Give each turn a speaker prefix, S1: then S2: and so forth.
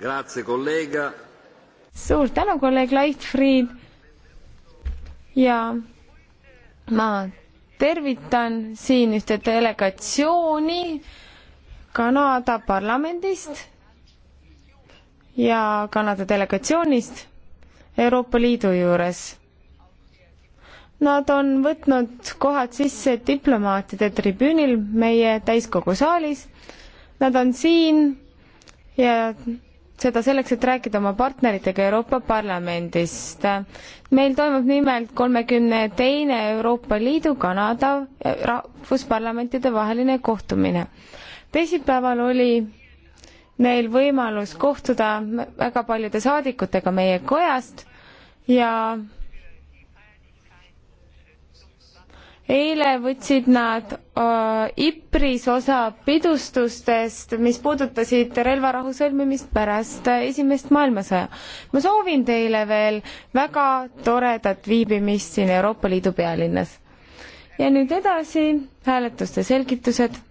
S1: rahastada. suur tänu, kolleeg Leitfried ja ma tervitan siin ühte delegatsiooni Kanada parlamendist ja Kanada delegatsioonist Euroopa Liidu juures. Nad on võtnud kohad sisse diplomaatide tribüünil meie täiskogu saalis. Nad on siin ja seda selleks, et rääkida oma partneritega Euroopa Parlamendist. meil toimub nimelt kolmekümne teine Euroopa Liidu, Kanada rahvusparlamentide vaheline kohtumine. teisipäeval oli neil võimalus kohtuda väga paljude saadikutega meie kojast ja eile võtsid nad äh, Ipris osa pidustustest, mis puudutasid relvarahu sõlmimist pärast äh, Esimest maailmasõja. ma soovin teile veel väga toredat viibimist siin Euroopa Liidu pealinnas. ja nüüd edasi hääletuste selgitused